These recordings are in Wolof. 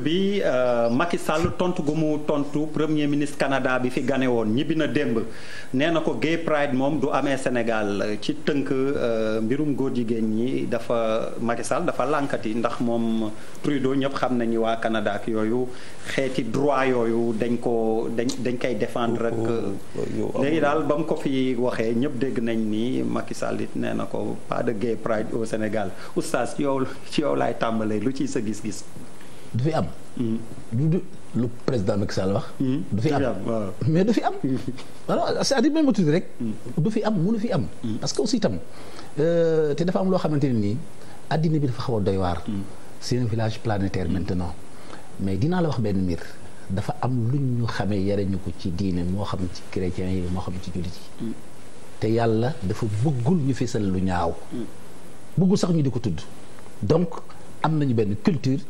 bi euh, Macky Sall tontu gu mu tontu premier ministre Canada bi fi gane woon ñibbi na démb nee na ko gay pride moom du amee Sénégal ci tënk euh, mbirum góor jigéen ñi dafa Macky Sall dafa lànkati ndax moom Trudeau ñëpp xam nañu waa kanadaak yooyu xeeti droit yooyu dañ ko dañ dañ koy défendre rek oh, oh, oh, léegi daal ba mu ko fi waxee ñëpp dégg nañ nii Macky Sall it nee na ko pas de gay pride au Sénégal oustaz ci yow laay tàmbalee lu ci sa gis-gis du fi am. du mm. du lu président Macky Sall wax. Mm. du fi am mais du fi am. voilà c'est-à-dire même rek. Mm. du fi am mënu fi am. parce que aussi itam euh, te dafa am loo xamante ne nii addina bi dafa xaw a doy waar. c'est un village planétaire maintenant mais dinaa la wax benn mbir. dafa am lu ñu xamee yare ñu ko ci diine moo xam ci chrétien yi moo xam ci jullit yi. te yàlla dafa bëggul ñu fisal lu ñaaw. bëggul sax ñu di ko tudd. donc am nañu benn culture.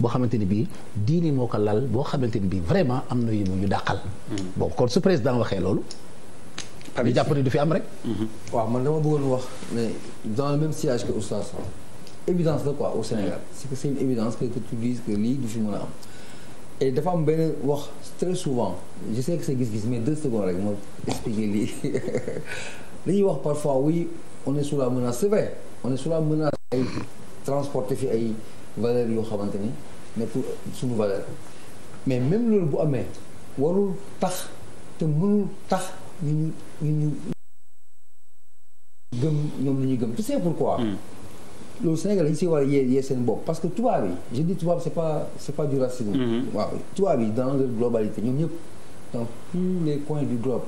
boo xamante ni bii diini moo ko lal boo xamante ni bii vraiment am na yu mu ñu dàqal. Mm-hmm. bon kon su président waxee loolu. ñu jàpp ne du am rek. Mm-hmm. waaw man dama bëggoon wax mais dans le même sillage que oustaz évidence la quoi au Sénégal c'est que c'est une lii du fi mën a am. et dafa am benn wax très souvent je sais que c'est gis-gis mais deux secondes rek moo expliquer lii li ñuy wax parfois oui on est sous mën a c'est vrai on est sous la menace ay transporter ay. valeur yoo xamante ni nekkul suñu valeur mais même loolu bu amee warul tax te mënul tax ñu ñu ñu ñu gëm ñoom li ñuy gëm tu sais pourquoi hmm. loolu Sénégal dañu si war a yee yee seen bopp parce que tubaab yi je dis tubaab c'est pas c'est pas du racisme hmm. waaw tubaab yi dans leur globalité ñoom ñëpp dans tous les coins du globe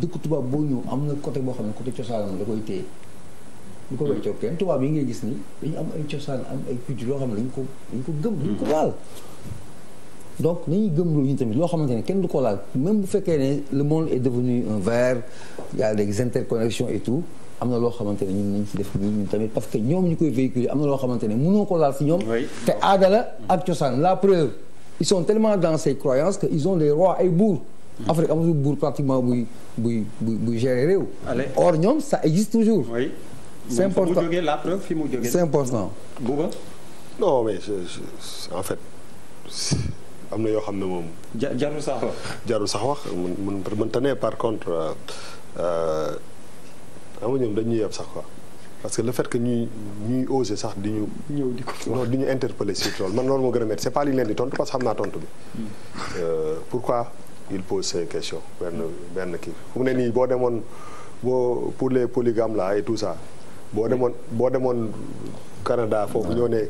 dëkk tubaab boo ñëw am na côté boo xam ne côté cosaanam da koy téye ñu ko weccoo kenn tubaab yi ngay gis ni dañu am ay cosaan am ay culture yoo xam ne dañu ko dañu ko gëm dañu ko laal donc nañuy gëm loolu ñu tamit loo xamante ne kenn du ko laal même bu fekkee ne le monde est devenu un verre y a des interconnexions et tout am na loo xamante ne ñun nañ ci def ñun tamit parce que ñoom ñu koy véhiculer am na loo xamante ne mënoo ko laal si ñoom te aada la ak cosaan la preuve ils sont tellement dans ces croyances que ils ont des rois ay buur Afrique amatul buur pratiquement buy buy buy gérer réew or ñoom ça existe toujours oui. c'est important la preuve fi mu jógee c'est important. Bouba. non mais en fait am na yoo xam ne moom. jarul sax wax. jarul sax wax mun mënta ne par contre euh, euh, ama ñoom dañuy yeb sax quoi. parce que le fait que ñuy ñuy osé sax di ñu. ñëw di ko ñu interpeller sur loolu man loolu moo gën a métti c'est pas li leen di tontu parce xam naa tontu bi. Hmm. Euh, pourquoi il pose ces question benn benn kii fu mu ne nii boo demoon boo pour les polygames là et tout ça. boo demoon boo demoon Canada foofu ñoo ne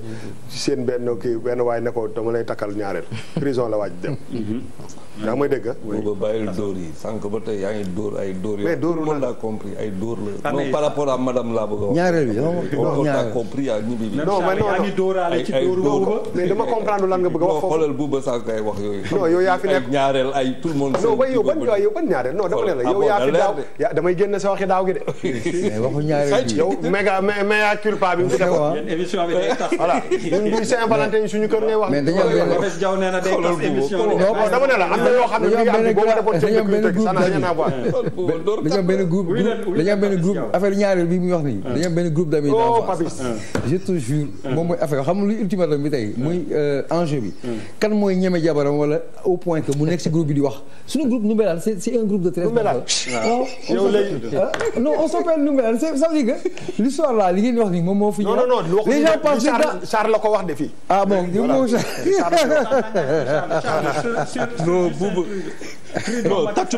seen benn kii benn waay ne ko dama lay takkal ñaareel prison la waaj dem. Mhm. yaa may dégg ah. booba bàyyil dóor yi sànq ba tey yaa ngi dóor ay dóor yi. mais dóor la laa compris ay dóor la. Ah, non a dama comprendre lan a dama ne la ah, yow yaa fi daaw damay génn sa waxi daaw gi de. waxu ñaareel bi yow méga mea culpa bi mu fi émission bi day tas. voilà ñun buy Saint-Valentin suñu kër ngay wax. mais dañoo am benn bés jaww nee na day tas émission bi. dama ne la am na yoo xam ne mi ngi am boo ko defoon seen dëkk yi sax naa ko am. dañoo am benn groupe dañoo am benn groupe affaire ñaareel bi muy wax nii. Ah. dañoo am benn groupe d'amis oh, d'enfance. Ah. je te jure ah. moom mooy affaire xam nga luy ultimatum bi tey muy euh, enjeu bi. kan mooy ñeme jabaram wala au point que mu nekk si groupe bi di wax suñu groupe Noumbelane c'est un groupe de treize. Noumbelane waaw yow léegi. non on s'appelle Noumbelane ça veut dire que l'histoire là li ngeen wax nii moom moo fi. non non les gens pensent la ko wax de fii. ah bon ñu ngi non Boubou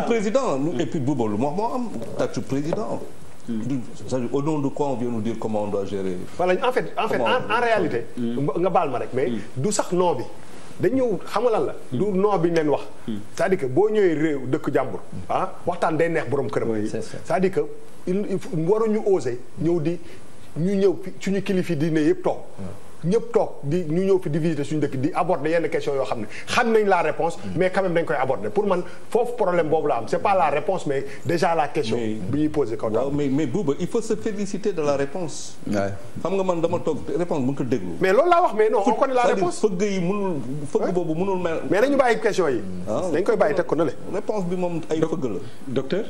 président et puis Boubou lu moo am tàccu président. c'est-à-dire au nom de quoi on vient fait en fait en réalité. nga rek mais hmm. du sax noo bi. dañ ñëw xam nga la. Hmm. du noo bi ñu wax. Hmm. cest dire que boo ñëwee réew dëkk jàmbur. ah waxtaan day neex borom këram. c'est-à-dire que il waruñu oser ñëw di. ñu ñëw fi suñu kilifi diine yëpp toog. ñëpp toog di ñu ñëw fi di visiter suñu dëkk di aborder yenn question yoo xam ne xam nañ la réponse mm. mais quand même dañ koy aborder pour man foofu problème boobu la am c'est pas la réponse mais déjà la question bi ñuy posé kaw waaw mais mais il faut se féliciter de la réponse xam nga man dama toog réponse bu nga ko déglu mais loolu laa wax mais non on connaît la réponse fëgg yi mënul fëgg boobu mënul mel mais nañu bàyyi question yi ah. dañ koy bàyyi bi moom ay fëgg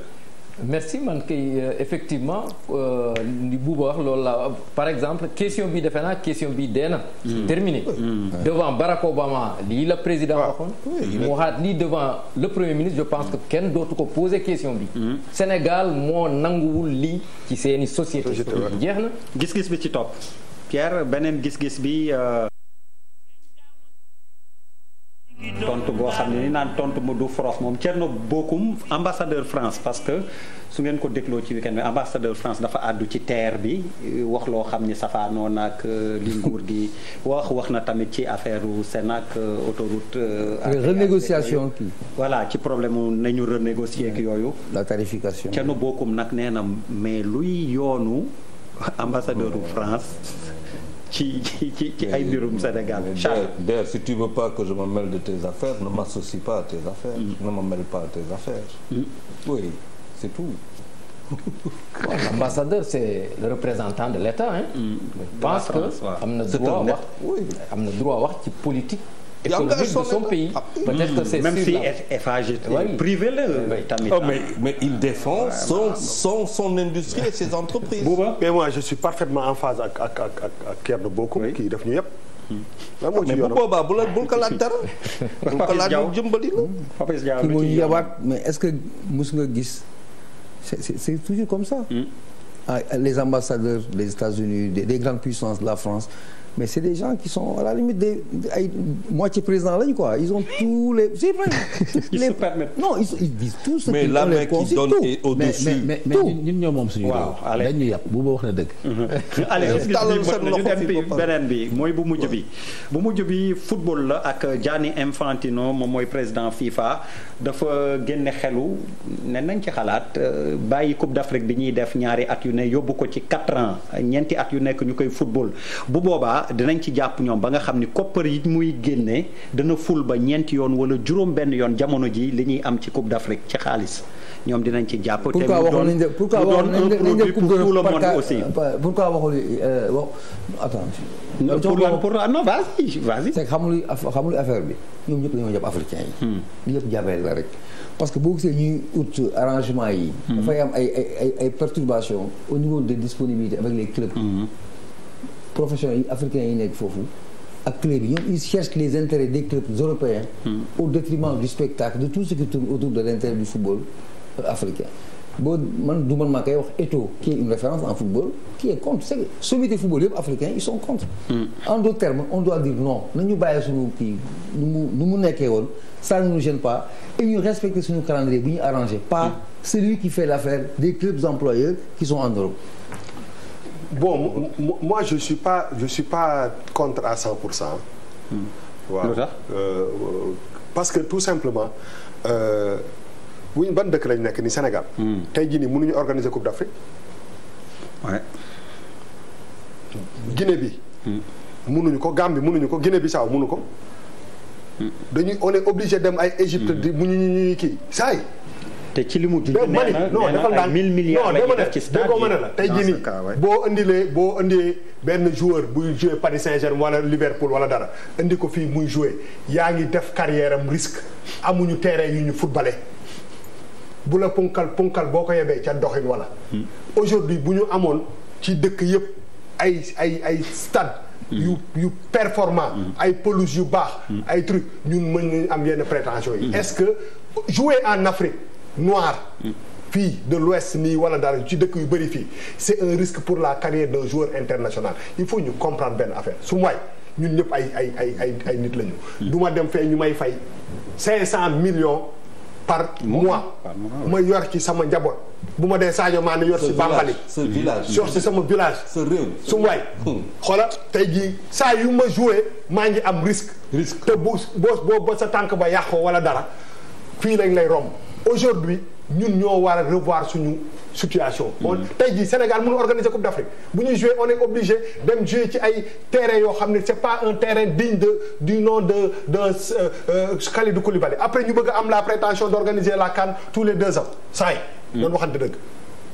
merci man kay euh, effectivement li euh, Bouba loolu la par exemple question bi defe naa question bi dee na. Hmm. terminé. Hmm. devant Barack Obama lii la président ah. waxoon. mu waxaat lii devant le premier ministre je pense hmm. que kenn dootu ko poser question bi. Sénégal moo nanguwul lii ci seeni société jeex na. gis-gis bi ci topp Pierre beneen gis-gis bi. Euh, tontu boo xam ne ni naan tontu mu du forof moom Thierno bokkum ambassadeur France parce que su ngeen ko dégloo ci week-end bi ambassadeur France dafa àddu ci terre bi euh, wax loo xam ni safaanoo naag euh, li nguur gi wax wax na tamit ci affaire u Sénac euh, autoroute. renégociation kii. voilà ci problème mu nañu renégocier ak yooyu. la tarification Thierno Bocoum nag nee na mais luy yoonu ambassadeur France. ci ci ci ci ay mbirum Sénégal. Charles d'ailleurs si tu veux pas que je me mêle de tes affaires ne m'associe pas à tes affaires. Mm. ne me mêle pas à tes affaires. Mm. oui c'est tout. bon, l'ambassadeur c'est le représentant de l'État hein. Mm. je pense que am na droit wax am na droit wax ci politique. économique de son pays. peut-être mmh. que c'est même si FAG privé la tamit. Oh, mais mais il défend son son son industrie et ses entreprises. Bouba mais moi je suis parfaitement en phase ak ak ak ak Thierno Bocoum kii def ñu yëpp. Mmh. mais bu boobaa bu la bul ko laaj dara. bul ko laaj ñu jëmbali la. Papis Diaw mu yabaat mais est-ce que mus nga gis c'est c'est toujours comme ça. Mmh. Ah, les ambassadeurs des États-Unis des grandes puissances de la France. mais c'est des gens qui sont à la limite des ay moitié président lañu quoi ils ont tous les c'est vrai. non ils, ils disent tout ce mais la main au mais mais ñun ñoo moom suñu. waaw allez dañuy yàpp bu wax na dëgg. Mhm. allez ñu dem bi mooy bu mujj bi. bu mujj bi football la ak jaani Infantino moom mooy président FIFA dafa génne xelu ne nañ ci xalaat euh, bàyyi Coupe d'Afrique bi ñuy def ñaari at yu ne yóbbu ko ci quatre ans ñeenti at yu nekk ñu koy football bu boobaa. ah dinañ ci jàpp ñoom ba nga xam ni koppar yi muy génnee dana ful ba ñeenti yoon wala juróom benn yoon jamono ji li ñuy am ci Coupe d'Afrique ci xaalis ñoom dinañ ci jàpp. te mu doon pourquoi waxoon nañ pour tout le monde aussi. pourquoi waxul euh, wax attends. pour lan pour non vas-y vas-y. c'est xamul xamul affaire bi ñoom ñëpp dañoo jàpp africain yi. Hmm. ñëpp jàppee la rek. parce que boo gisee ñuy ut arrangement yi. Hmm. dafay am ay ay ay perturbations au profession africain yi nekk foofu ak club yi ñoom ils cherchent les intérêts des clubs européens hmm. au détriment du spectacle de tout ce qui tourne autour de l'intérêt du football euh, africain boo man du ma maa koy wax Eto'o qui est une référence en football qui est contre c'est sommité football yëpp africain ils sont contre hmm. en d'autres termes on doit dire non nañu bàyyi suñu kii nu mu nu mu nekkee woon ça ne nous gêne pas et ñu respecter suñu calendrier bu ñu arrangé par hmm. celui qui fait l'affaire des clubs employeurs qui sont en Europe bon moi je suis pas je suis pas contre à 100 pour cent. waaw hmm. euh, euh, parce que tout simplement bu euh, ñu ban dëkk lañ nekk ni Sénégal. Hmm. tey jii nii mënuñu organiser Coupe d'Afrique. waaye. Guinée hmm. bi. mënuñu ko Gambie mënuñu ko Guinée Bissau mënu ko. dañuy on est obligé dem ay Égypte di mu ñu ñuy kii saay te ci li mu junj nee na nee na ay mille milliards la ñuy def ci tey jii nii boo indilee boo indee benn joueur buy jouer Paris Saint-Germain wala Liverpool wala dara indi ko fii muy jouer yaa ngi def carrière am risque amuñu terrain yu ñu footballé bu la punkal punkal boo ko yebee ca doxin wala. Hmm. aujourd'hui bu ñu amoon ci dëkk yëpp ay ay ay stade. Hmm. yu yu performant. Hmm. ay pelouse yu baax. ay truc ñun mën nañu am yenn prétention yi. est-ce que joue en Afrique. noir fii de l'ouest nii wala dara ci dëkk yu bëri fii c'est un risque pour la carrière d'un joueur international il faut ñu comprendre benn affaire su mooy ñun ñëpp ay ay ay ay ay nit lañu. du ma dem fee ñu may fay cinq cent million par mois ma yor ci sama njaboot bu ma dee Sadio Mané yor ci Bambali yor ci sama village su waay xoola tey jii saa yu ma joué maa ngi am risque te boo boo boo sa tànk ba yàqoo wala dara fii lañ lay romb aujourd'hui ñun ñoo war a revoir suñu situation. Mm-hmm. tey jii Sénégal mënu organiser Coupe d'Afrique bu ñuy jouer on est obligé dem jouer ci ay terrain yoo xam ne c'est pas un terrain digne de du nom de de euh, euh, Khalidou Koulibaly après ñu bëgg am la prétention d'organiser la CAN tous les deux ans saa yi. doon mm-hmm. waxante dëgg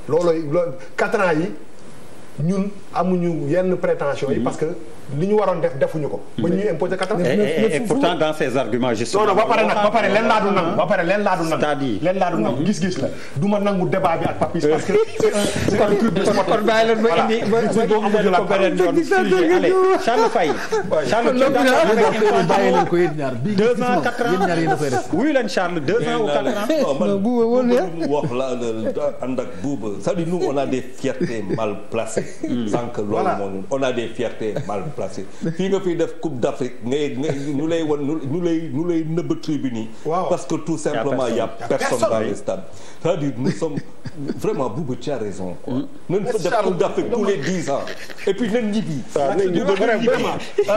loolooy loolu quatre ans yi ñun amuñu yenn prétention yi mm-hmm. parce que. li ñu waroon def defuñu ko. ba ñuy imposer quatre-vingt-dix-neuf et pourtant dans ces arguments justement. non non ba pare nag ba pare leen laa du nangu. ba pare leen laa du nangu c'est-à-dire leen laa du nangu gis-gis la du ma nangu débat bi ak Papis parce que. c'est un truc de sport kon bàyyi leen ma indi ma indi ko beneen yoon sujet allez Charles Faye. Charles Faye bàyyi leen ko yéen ñaar bii deux ans quatre ans yéen ñaar yéen a koy def. wuyu leen Charles deux ans ou quatre ans. non buuba woon na wax la ànd ak buuba c'est-à-dire nous on a des fiertés mal placées. Hmm. sans que loolu moo on a des fiertés mal déplacé fii nga fiy def coupe d'Afrique ngay ngay ñu lay wan ñu lay ñu lay nëbb tribune yi parce que tout simplement il y a personne dans les stades nous sommes vraiment Boubou tu raison quoi mm. nañ fa def coupe d'Afrique tous les dix ans ah,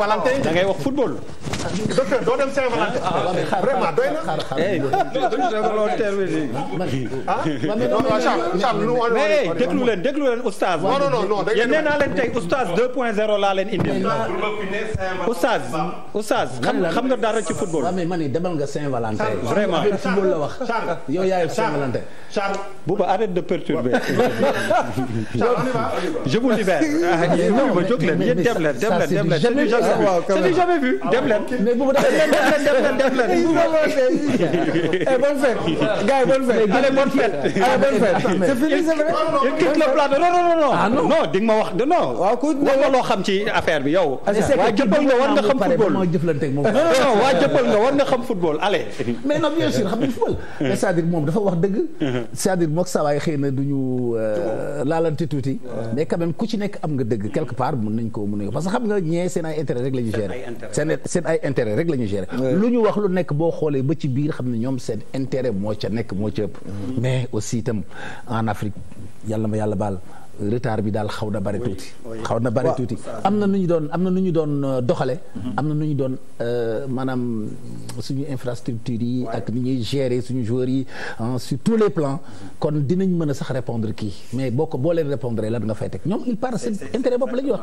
la football docteur doo dem Saint-Valentin vraiment doy na. mais déglu leen déglu leen oustaz. non non non yéen nee naa leen tey oustaz 2.0 laa leen indi. oustaz oustaz xam nga dara ci football. waaw mais man demal nga Saint-Valentin. vraiment football la wax. yow yaay Saint-Valentin. Bouba arrête de perturber. je vous libère. dem leen dem leen dem leen. c'est du jamais vu dem leen. mais bu mu dem leen dem leen bonne fête gars yi bonne fête allez bonne fête allez bonne fële. c'est fini c'est vrai. yëkkati le plat non non non. ah non non di nga ma wax de non. waaw ku ne loo xam ci affaire bi yow. Ah, waa jëppal nga war nga xam football. non non waa jëppal nga war nga xam football allez. mais non bien sûr xam nga football. mais c'est-à-dire moom dafa wax dëgg. c'est-à-dire moog saa waay xëy na du ñu euh, laalante tuuti. mais quand même ku ci nekk am nga dëgg quelque part mën nañ ko mën nañ ko parce que xam nga ñee seen ay intérêt rek la ñu gérer. seen ay intérêt rek la ñuy gérer lu ñu wax lu nekk boo xoolee ba ci biir xam ne ñoom seen intérêt moo ca nekk moo ca ëpp mm-hmm. mais aussi itam en Afrique yàlla ma yàlla baal retard bi daal xaw na bari tuuti. xaw na bari am na nu ñu doon am ñu doon euh, doxale mhm. am na nu ñu doon euh, maanaam suñu infrastructure yi ak ni ñuy gérer suñu joueurs yi sur tous les plans mhm. kon dinañ mën a sax répondre kii mais boo ko boo leen répondre lan nga fay teg ñoom il part seen intérêt bopp la ñuy wax.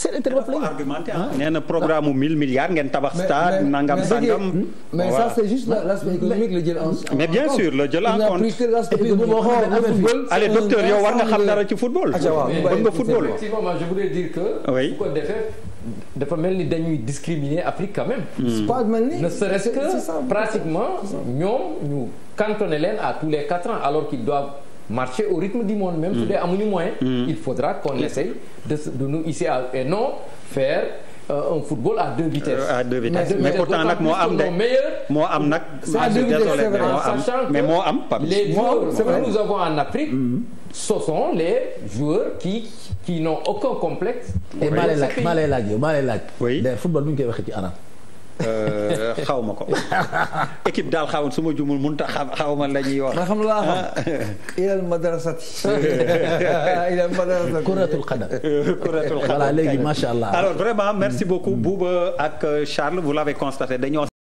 seen intérêt la ah. ñuy wax. nee na programme ah. mu 1000 milliards ngeen tabax stade nangam sangam. mais ça c'est bien sûr la jël en compte. docteur yow war nga xam dara ci ci football. bëgg ah, nga football effectivement moi je voulais dire que. oui bu ko defee dafa mel ni dañuy discriminer Afrique quand même. Hmm. c'est pas mel ni ne serait-ce que pratiquement ñoom ñu cantonné leen à tous les quatre ans alors qu'ils doivent. marcher au rythme du monde même. su hmm. dee amuñu moyen. Hmm. il faudra qu'on essaye de de nous ici à et non faire. Euh, un football à deux vitesses. Euh, à deux vitesses mais, mais pourtant nag moo am de moo am nag. à deux vitesses c'est vrai mais moo am Pape. les joueurs que nous avons en Afrique. Mm-hmm. ce sont les joueurs qui qui n'ont aucun complexe. et maa lay laaj maa lay laaj yow maa laaj. oui football nu koy waxee ci anam. Euh, xaw ma ko équipe daal xawoon su ma jumul mënut a xaw ma la ñuy wax. ma xam lu laa xam. Ah. ilal madrasati. ilal madrasati. kuratul qadam. kuratul qadam voilà léegi macha allah. alors vraiment merci beaucoup Bouba ak Charles vous l'avez constaté dañoo.